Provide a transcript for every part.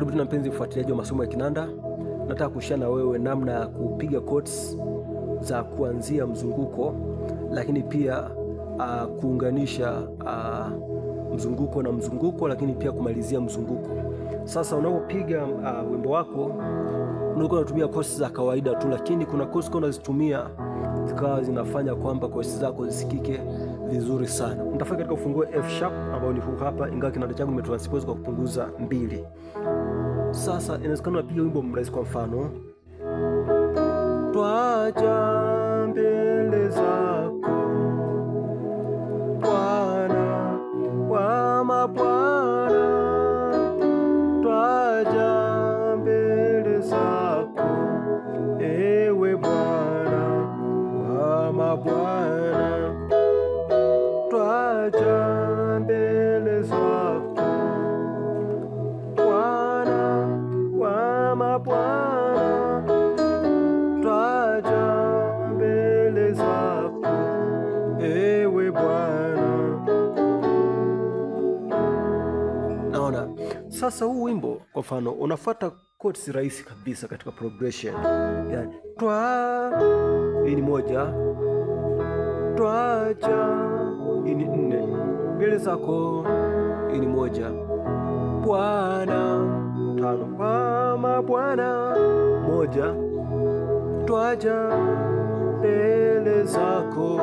Karibu tena mpenzi mfuatiliaji wa masomo ya kinanda, nataka kushia na wewe namna ya kupiga chords za kuanzia mzunguko, lakini pia uh, kuunganisha uh, mzunguko na mzunguko, lakini pia kumalizia mzunguko. Sasa unapopiga uh, wimbo wako unakuwa unatumia chords za kawaida tu, lakini kuna chords unazitumia zikawa zinafanya kwamba chords zako zisikike vizuri sana. Nitafanya katika ufunguo F sharp ambao ni huu hapa, ingawa kinanda changu kimetransposed kwa kupunguza mbili. Sasa inawezekana wapiga wimbo mrahisi, kwa mfano twaja kama Bwana, twaja mbele zako ewe Bwana. Naona sasa huu wimbo kwa mfano unafuata chords rahisi kabisa katika progression, yani twa, hii ni moja, twaja, hii ni nne, mbele zako, hii ni moja, Bwana tano kwa Bwana moja, twaja mbele zako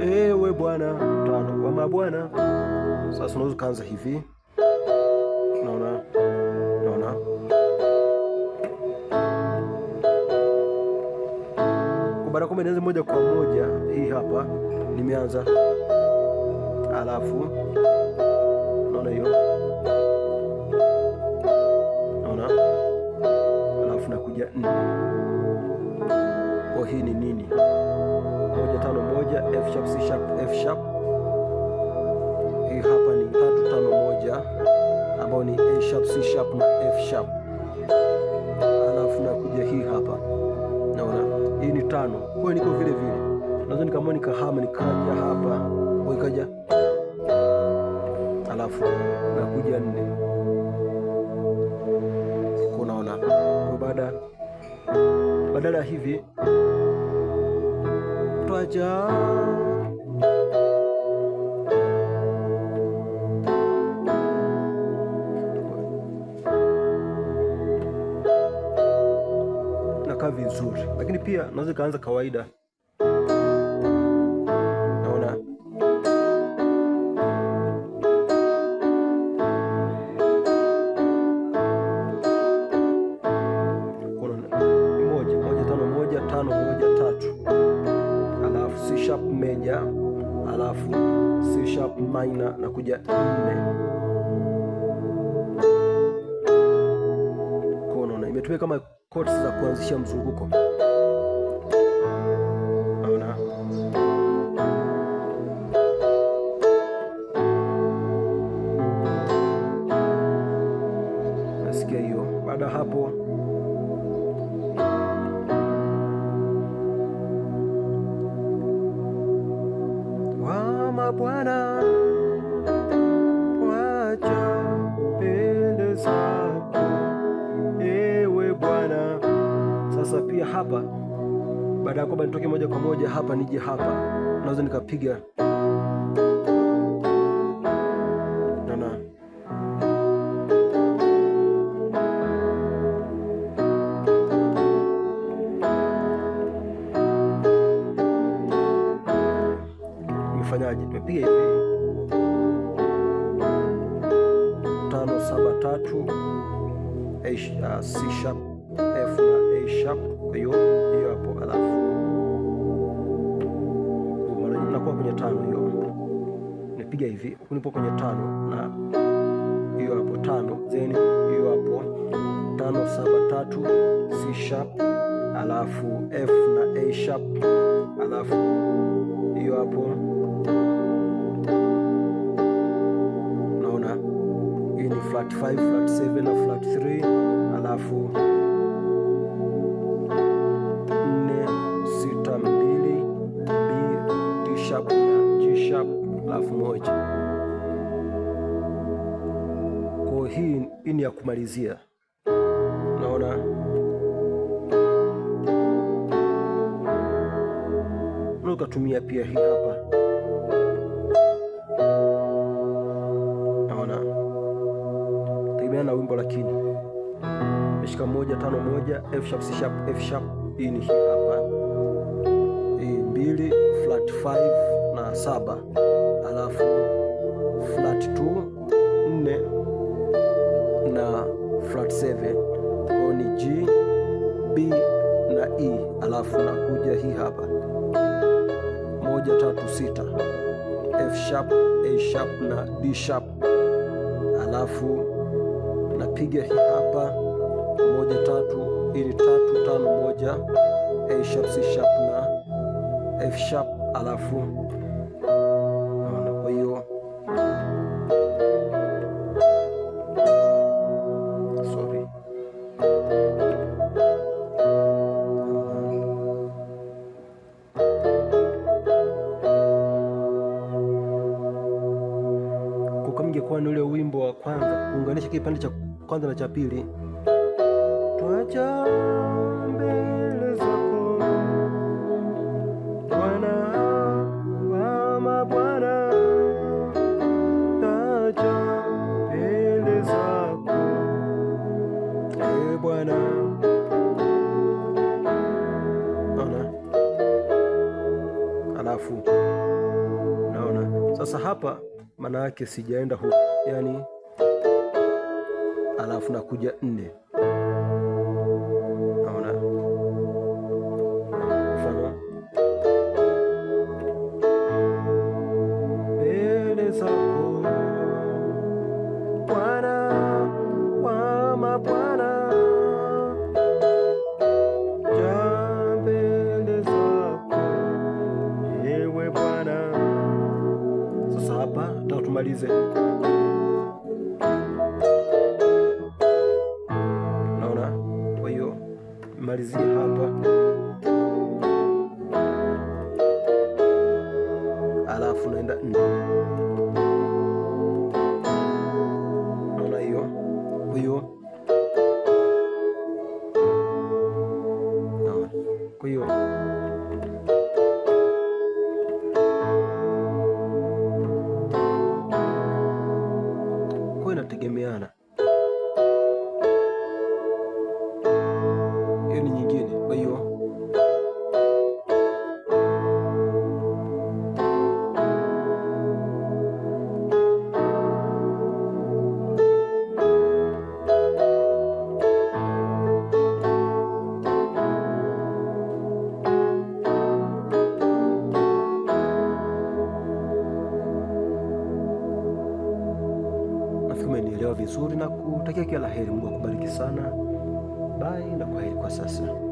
ewe Bwana, tano kwa mabwana. Sasa unaweza kuanza hivi, naona naona kubara kwamba moja kwa moja, hii hapa nimeanza, alafu naona hiyo moja nne. Kwa hii ni nini? Moja tano moja F sharp C sharp F sharp. Hii hapa ni tatu tano moja ambayo ni A sharp C sharp na F sharp, alafu nakuja hii hapa, naona hii ni tano. Kwa hiyo niko vile vile, naweza nikamua nikahama nikaja hapa, kwa ikaja, alafu nakuja nne ibada. Badala ya hivi twaja nakaa vizuri, lakini pia naweza kaanza kawaida. maina na kuja nne. Konaona imetumia kama chords za kuanzisha mzunguko. Naona nasikia hiyo. Baada hapo hapa, baada ya kwamba nitoke moja kwa moja hapa nije hapa, naweza nikapiga nana Tumepiga hivi tano saba tatu uh, C sharp F A sharp. Kwa hiyo hiyo hapo, alafu mara nyingi nakuwa kwenye tano, hiyo napiga hivi, nipo kwenye tano na hiyo hapo tano, then hiyo hapo tano saba tatu C sharp, alafu F na A sharp, alafu hiyo hapo naona hii ni flat 5 flat 7 na flat 3 alafu hii ni ya kumalizia, naona ukatumia pia hii hapa, naona tegemea na wimbo, lakini meshika moja tano moja F sharp C sharp F sharp, hii ni hii hapa, hii mbili flat 5 na saba alafu alafu nakuja hii hapa moja tatu sita F sharp, A sharp na D sharp, alafu napiga hii hapa moja tatu ili tatu tano moja A sharp, C sharp na F sharp alafu yako kama ingekuwa ni ule wimbo wa kwanza, kuunganisha kipande cha kwanza na cha pili. Tuacha maana yake sijaenda huko, yani alafu nakuja nne usikilize. Naona, kwa hiyo malizia hapa. hiyo ni nyingine. Kwa hiyo umenielewa vizuri na kutakia kila la heri. Mungu akubariki sana. Bye na kwaheri kwa sasa.